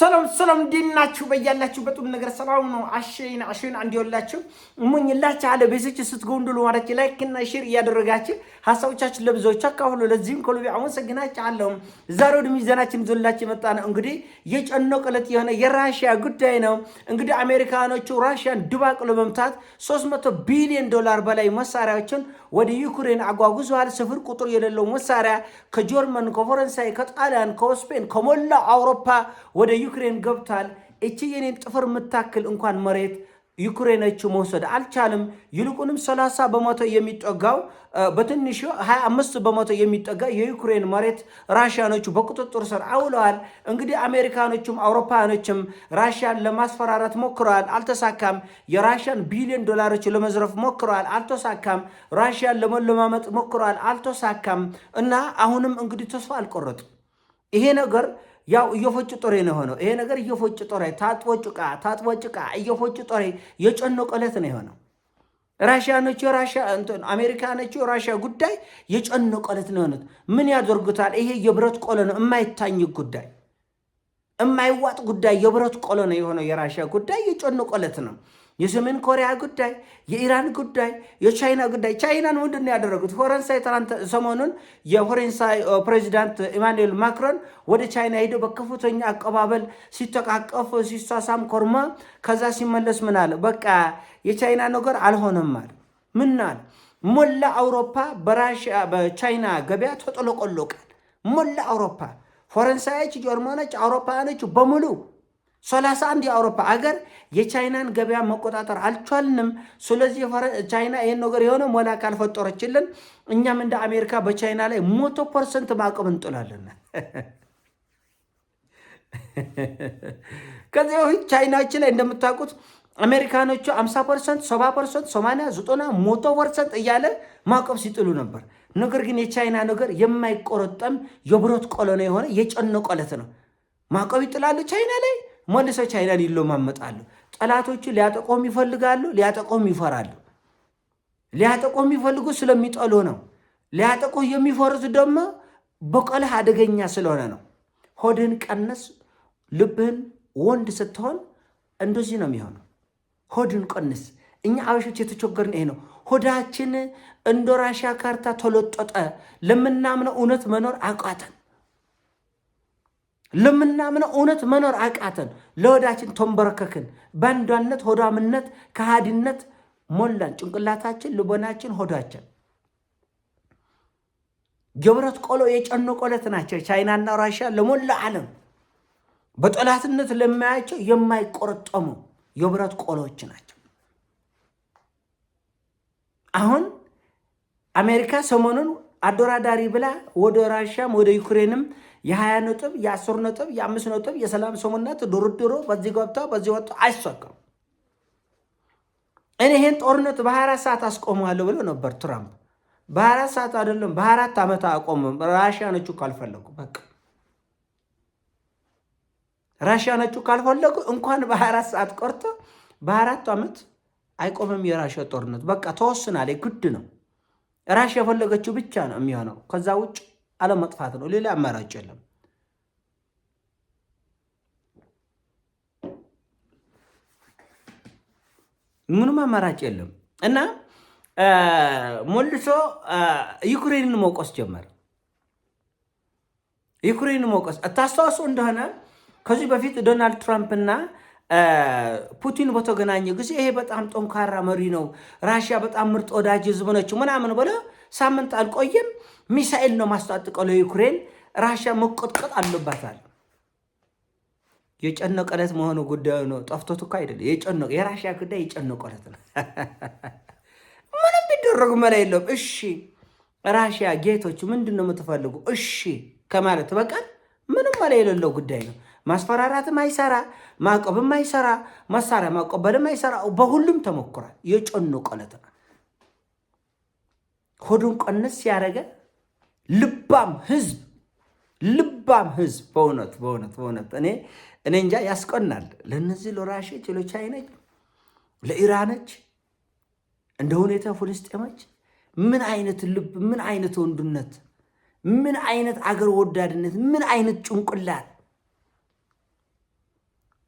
ሰላም ሰላም፣ እንዴት ናችሁ? በያላችሁበት ሁሉ ነገር ሰላም ነው። አሸይን አሸይን አንድ ይወላችሁ አለ ቤቶች ስትጎንዱሉ ማለት ላይክ እና ሼር እያደረጋችሁ ሀሳቦቻችን ለብዙዎች አካፍሎ ለዚህም ከልቤ አመሰግናችኋለሁ። ዛሬ ወደ ሚዛናችን ዞላች የመጣ ነው እንግዲህ የጨነቀ የሆነ የራሽያ ጉዳይ ነው። እንግዲህ አሜሪካኖቹ ራሽያን ድባቅ ለመምታት 300 ቢሊዮን ዶላር በላይ መሳሪያዎችን ወደ ዩክሬን አጓጉዘዋል። ስፍር ቁጥር የሌለው መሳሪያ ከጀርመን፣ ከፈረንሳይ፣ ከጣሊያን፣ ከስፔን ከሞላ አውሮፓ ወደ ዩክሬን ገብቷል። እቺ የኔን ጥፍር የምታክል እንኳን መሬት ዩክሬኖቹ መውሰድ አልቻልም። ይልቁንም 30 በመቶ የሚጠጋው በትንሹ 25 በመቶ የሚጠጋ የዩክሬን መሬት ራሽያኖቹ በቁጥጥር ስር አውለዋል። እንግዲህ አሜሪካኖቹም አውሮፓውያኖችም ራሽያን ለማስፈራራት ሞክረዋል፣ አልተሳካም። የራሽያን ቢሊዮን ዶላሮች ለመዝረፍ ሞክረዋል፣ አልተሳካም። ራሽያን ለመለማመጥ ሞክረዋል፣ አልተሳካም። እና አሁንም እንግዲህ ተስፋ አልቆረጡም ይሄ ነገር ያው እየፎጭ ጦሬ ነው የሆነው። ይሄ ነገር እየፎጭ ጦሬ ታጥቦ ጭቃ ታጥቦ ጭቃ እየፎጭ ጦሬ የጨነቀለት ነው የሆነው። ራሽያኖቹ ራሽያ እንትን አሜሪካ አሜሪካኖቹ ራሽያ ጉዳይ የጨነቀለት ዕለት ነው የሆኑት። ምን ያደርጉታል? ይሄ የብረት ቆሎ ነው፣ የማይታኝ ጉዳይ፣ የማይዋጥ ጉዳይ፣ የብረት ቆሎ ነው የሆነው። የራሽያ ጉዳይ የጨነቀለት ነው። የሰሜን ኮሪያ ጉዳይ፣ የኢራን ጉዳይ፣ የቻይና ጉዳይ። ቻይናን ምንድን ነው ያደረጉት? ፈረንሳይ ሰሞኑን የፈረንሳይ ፕሬዚዳንት ኢማኑኤል ማክሮን ወደ ቻይና ሄደው በከፍተኛ አቀባበል ሲተቃቀፍ፣ ሲሳሳም ኮርማ ከዛ ሲመለስ ምን አለ? በቃ የቻይና ነገር አልሆነም አለ። ምን አለ? ሞላ አውሮፓ በራሽያ በቻይና ገበያ ተጥለቆለቀ። ሞላ አውሮፓ ፈረንሳዮች፣ ጀርመኖች፣ አውሮፓውያኖች በሙሉ ሰላሳ አንድ የአውሮፓ አገር የቻይናን ገበያ መቆጣጠር አልቻልንም። ስለዚህ ቻይና ይህን ነገር የሆነ ሞላ ካልፈጠረችልን እኛም እንደ አሜሪካ በቻይና ላይ መቶ ፐርሰንት ማዕቀብ እንጥላለን። ከዚህ በፊት ቻይናችን ላይ እንደምታውቁት አሜሪካኖቹ 50 ፐርሰንት፣ 70 ፐርሰንት፣ 80፣ 90፣ መቶ ፐርሰንት እያለ ማዕቀብ ሲጥሉ ነበር። ነገር ግን የቻይና ነገር የማይቆረጠም የብረት ቆለነ የሆነ የጨነቆለት ነው። ማዕቀብ ይጥላሉ ቻይና ላይ መልሰ ቻይናን ይለማመጣሉ። ጠላቶቹ ሊያጠቆም ይፈልጋሉ፣ ሊያጠቆም ይፈራሉ። ሊያጠቆም ይፈልጉ ስለሚጠሉ ነው። ሊያጠቁ የሚፈሩት ደግሞ በቀልህ አደገኛ ስለሆነ ነው። ሆድህን ቀነስ፣ ልብህን ወንድ ስትሆን እንደዚህ ነው የሚሆነው። ሆድን ቀንስ። እኛ አበሾች የተቸገርን ይሄ ነው። ሆዳችን እንደ ራሻ ካርታ ተለጠጠ። ለምናምነው እውነት መኖር አቃተን። ለምናምነው እውነት መኖር አቃተን። ለወዳችን ተንበረከክን። ባንዷነት፣ ሆዳምነት፣ ከሃዲነት ሞላን። ጭንቅላታችን፣ ልቦናችን፣ ሆዳችን የብረት ቆሎ የጨኖ ቆለት ናቸው። ቻይናና ራሽያ ለሞላ ዓለም በጠላትነት ለማያቸው የማይቆረጠሙ የብረት ቆሎዎች ናቸው። አሁን አሜሪካ ሰሞኑን አደራዳሪ ብላ ወደ ራሽያም ወደ ዩክሬንም የሀያ ነጥብ የአስር ነጥብ የአምስት ነጥብ የሰላም ስምምነት ድርድሩ በዚህ ገብታ በዚህ ወጥቶ አይሳካም። እኔ ይህን ጦርነት በ ሰዓት አስቆመዋለሁ ብሎ ነበር ትራምፕ። ሰዓት አይደለም በ24 ዓመት አቆምም። ራሽያኖቹ ካልፈለጉ በቃ ራሽያኖቹ ካልፈለጉ እንኳን በ ሰዓት ቆርተ በአራት ዓመት አይቆምም። የራሽያ ጦርነት በቃ ተወስናል። ግድ ነው ራሽያ የፈለገችው ብቻ ነው የሚሆነው ከዛ ውጭ አለመጥፋት ነው። ሌላ አማራጭ የለም። ምንም አማራጭ የለም እና ሞልሶ ዩክሬንን መውቀስ ጀመር ዩክሬንን መውቀስ ታስታውሱ እንደሆነ ከዚህ በፊት ዶናልድ ትራምፕ እና ፑቲን በተገናኘ ጊዜ ይሄ በጣም ጠንካራ መሪ ነው፣ ራሽያ በጣም ምርጥ ወዳጅ ህዝብ ነች ምናምን ብለ ሳምንት አልቆየም ሚሳኤል ነው ማስታጥቀው ለዩክሬን ራሽያ መቆጥቀጥ አለባታል። የጨነቀለት መሆኑ ጉዳዩ ነው። ጠፍቶት እኮ አይደለም የጨነቀ የራሽያ ጉዳይ የጨነቀለት ነው። ምንም ቢደረጉ መላ የለውም። እሺ ራሽያ ጌቶች ምንድን ነው የምትፈልጉ? እሺ ከማለት በቀር ምንም መላ የሌለው ጉዳይ ነው። ማስፈራራትም አይሰራ፣ ማዕቀብም አይሰራ፣ መሳሪያ ማቀበልም አይሰራ። በሁሉም ተሞክሯል። የጮኖ ቀለት ሆዱን ቀነስ ያደረገ ልባም ህዝብ ልባም ህዝብ በእውነት በእውነት በእውነት እኔ እኔ እንጃ ያስቀናል። ለነዚህ ለራሽች ለቻይነች ለኢራነች እንደ ሁኔታ ፍልስጤሞች ምን አይነት ልብ፣ ምን አይነት ወንድነት፣ ምን አይነት አገር ወዳድነት፣ ምን አይነት ጭንቅላት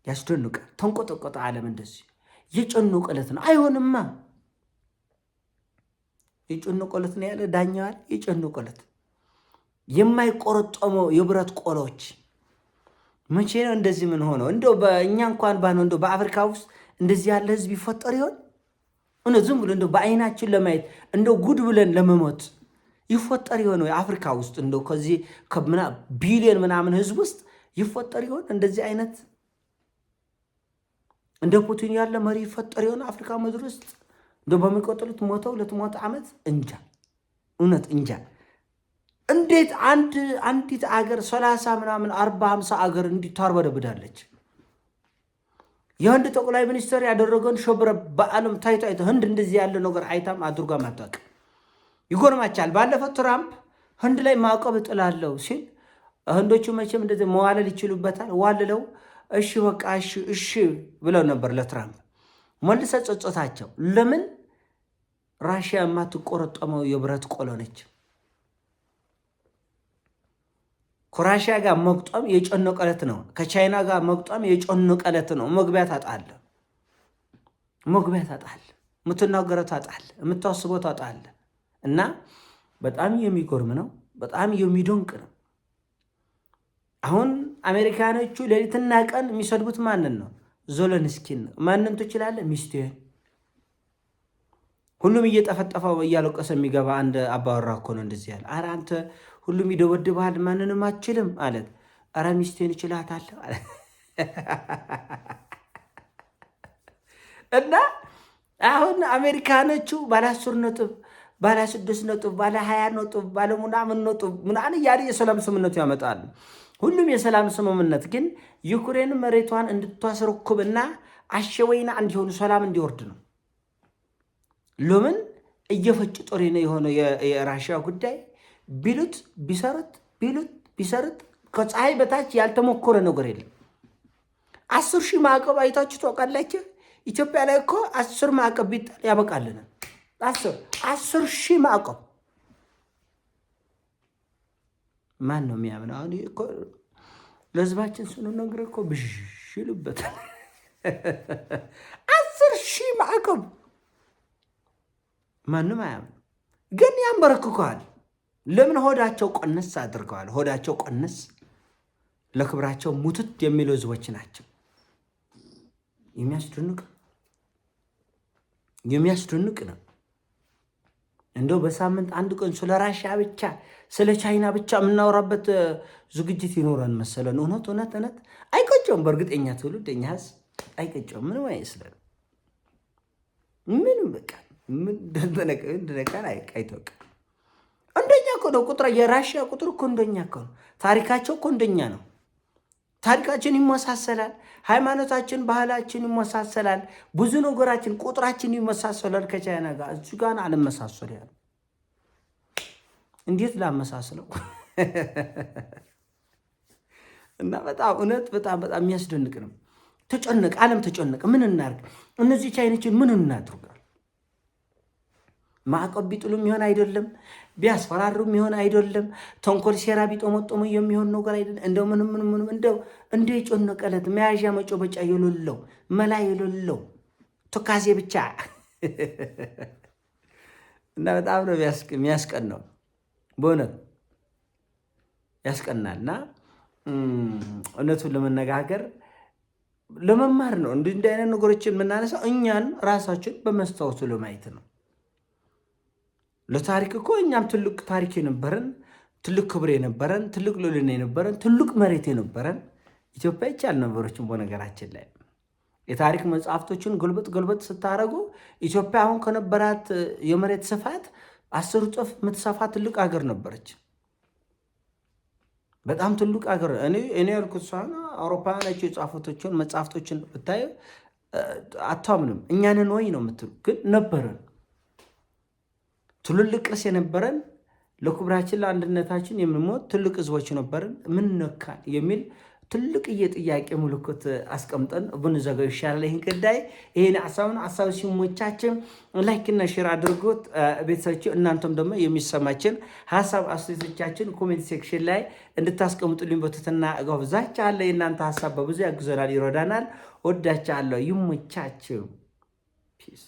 ያስደንቃል። ተንቆጠቆጠ ዓለም እንደዚህ የጨነቀ ቅለት ነው። አይሆንማ የጨነቀ ዕለት ነው ያለ ዳኛዋል። አለ። የማይቆረጠመው የብረት ቆሎች መቼ ነው እንደዚህ ምን ሆነው? እንደው በእኛ እንኳን ባነው እንደው በአፍሪካ ውስጥ እንደዚህ ያለ ህዝብ ይፈጠር ይሆን? እነ ዝም ብሎ እንደው በአይናችን ለማየት እንደው ጉድ ብለን ለመሞት ይፈጠር ይሆን ወይ? አፍሪካ ውስጥ እንደው ከዚህ ቢሊዮን ምናምን ህዝብ ውስጥ ይፈጠር ይሆን እንደዚህ አይነት እንደ ፑቲን ያለ መሪ ይፈጠር የሆነ አፍሪካ ምድር ውስጥ እንደ በሚቀጥሉት መቶ ሁለት መቶ ዓመት እንጃ፣ እውነት እንጃ። እንዴት አንድ አንዲት አገር ሰላሳ ምናምን አርባ ሀምሳ አገር እንዲታርበደብዳለች? የህንድ ጠቅላይ ሚኒስትር ያደረገውን ሸብረ በዓለም ታይቶ አይቶ ህንድ እንደዚህ ያለ ነገር አይታም አድርጓ አታውቅም። ይጎርማቻል። ባለፈ ትራምፕ ህንድ ላይ ማዕቀብ እጥላለሁ ሲል ህንዶቹ መቼም እንደዚህ መዋለል ይችሉበታል ዋልለው እሺ በቃ እሺ እሺ ብለው ነበር ለትራምፕ መልሰ ጸጸታቸው። ለምን ራሽያ የማትቆረጠመው የብረት ቆሎ ነች። ከራሽያ ጋር መግጠም የጨነቀለት ነው። ከቻይና ጋር መግጠም የጨነቀለት ነው። መግቢያ ታጣለ፣ መግቢያ ታጣለ፣ የምትናገረው ታጣለ፣ የምታስበው ታጣለ። እና በጣም የሚጎርም ነው። በጣም የሚደንቅ ነው አሁን አሜሪካኖቹ ሌሊትና ቀን የሚሰድቡት ማንን ነው? ዞለንስኪን ነው። ማንን ትችላለ? ሚስትህን። ሁሉም እየጠፈጠፈው እያለቀሰ የሚገባ አንድ አባወራ እኮ ነው እንደዚህ ያለ። አረ አንተ ሁሉም ይደበድብሃል፣ ማንንም አችልም ማለት። አረ ሚስትህን ይችላታል እና አሁን አሜሪካኖቹ ባለ ነጥብ ባለስድስት ነጥብ ባለ ሀያ ነጥብ ባለ ምናምን ነጥብ ምናምን እያለ የሰላም ስምነቱ ያመጣሉ። ሁሉም የሰላም ስምምነት ግን ዩክሬን መሬቷን እንድታስረክብና አሸወይና እንዲሆኑ ሰላም እንዲወርድ ነው። ሎምን እየፈጭ ጦሪ ነው የሆነው የራሽያ ጉዳይ ቢሉት ቢሰርት ቢሉት ቢሰርት ከፀሐይ በታች ያልተሞከረ ነገር የለም። አስር ሺህ ማዕቀብ አይታችሁ ታውቃላችሁ? ኢትዮጵያ ላይ እኮ አስር ማዕቀብ ቢጣል ያበቃልን። አስር አስር ሺህ ማዕቀብ ማን ነው የሚያምነው? አሁን እኮ ለህዝባችን ስንነግር እኮ ብዥ ይሉበታል። አስር ሺህ ማዕቀብ ማንም አያምነው፣ ግን ያንበረክከዋል። ለምን? ሆዳቸው ቆነስ አድርገዋል። ሆዳቸው ቆነስ ለክብራቸው ሙትት የሚሉ ህዝቦች ናቸው። የሚያስደንቅ የሚያስደንቅ ነው። እንደው በሳምንት አንድ ቀን ስለ ራሽያ ብቻ ስለ ቻይና ብቻ የምናወራበት ዝግጅት ይኖረን መሰለን። እውነት እውነት እውነት አይቆጨውም። በእርግጠኛ ትውልድ እኛ ህዝብ አይቆጨውም። ምንም አይመስለን። ምንም በቃ እንደነቀን አይተውቅም። እንደኛ እኮ ነው ቁጥር የራሽያ ቁጥር እኮ እንደኛ እኮ ነው። ታሪካቸው እኮ እንደኛ ነው። ታሪካችን ይመሳሰላል። ሃይማኖታችን፣ ባህላችን ይመሳሰላል። ብዙ ነገራችን፣ ቁጥራችን ይመሳሰላል ከቻይና ጋር። እሱ ጋር አልመሳሰል ያሉ እንዴት ላመሳስለው እና በጣም እውነት በጣም በጣም የሚያስደንቅ ነው። ተጨነቅ፣ ዓለም ተጨነቅ። ምን እናርግ? እነዚህ ቻይኖችን ምን እናድርጋል? ማዕቀብ ቢጥሉም ይሆን አይደለም፣ ቢያስፈራሩም ይሆን አይደለም፣ ተንኮል ሴራ ቢጦመጦሙ የሚሆን ነገር አይደለም። እንደው ምንም ምንም እንደው የጮነ ቀለት መያዣ መጮበጫ የሎለው መላ የሎለው ቱካዜ ብቻ እና በጣም ነው ነው በእውነት ያስቀናልና እውነቱን ለመነጋገር ለመማር ነው እንዲህ አይነት ነገሮችን የምናነሳው እኛን ራሳችን በመስታወቱ ለማየት ነው። ለታሪክ እኮ እኛም ትልቅ ታሪክ የነበረን ትልቅ ክብር የነበረን ትልቅ ልዕልና የነበረን ትልቅ መሬት የነበረን ኢትዮጵያ ይቺ አልነበረችም። በነገራችን ላይ የታሪክ መጽሐፍቶችን ገልበጥ ገልበጥ ስታደረጉ ኢትዮጵያ አሁን ከነበራት የመሬት ስፋት አስር እጥፍ የምትሰፋ ትልቅ ሀገር ነበረች። በጣም ትልቅ ሀገር እኔ ያልኩት ሳይሆን አውሮፓውያኖች የጻፉቶችን መጽሐፍቶችን ብታይ አታምንም። እኛንን ወይ ነው የምትሉ ግን ነበረን ትልልቅ ቅርስ የነበረን ለክብራችን ለአንድነታችን የምንሞት ትልቅ ህዝቦች ነበርን። ምን ነካን የሚል ትልቅ ጥያቄ ምልክት አስቀምጠን ብንዘጋው ይሻላል። ይህን ጉዳይ ይህን ሀሳብን ሀሳብ ሲሞቻችን ላይክና ሽር አድርጎት ቤተሰቦች፣ እናንተም ደግሞ የሚሰማችን ሀሳብ አስተያየቶቻችን ኮሜንት ሴክሽን ላይ እንድታስቀምጡልኝ በትህትና እጋብዛችኋለሁ። የእናንተ ሀሳብ በብዙ ያግዘናል፣ ይረዳናል። ወዳችኋለሁ። ይሞቻችሁ። ፒስ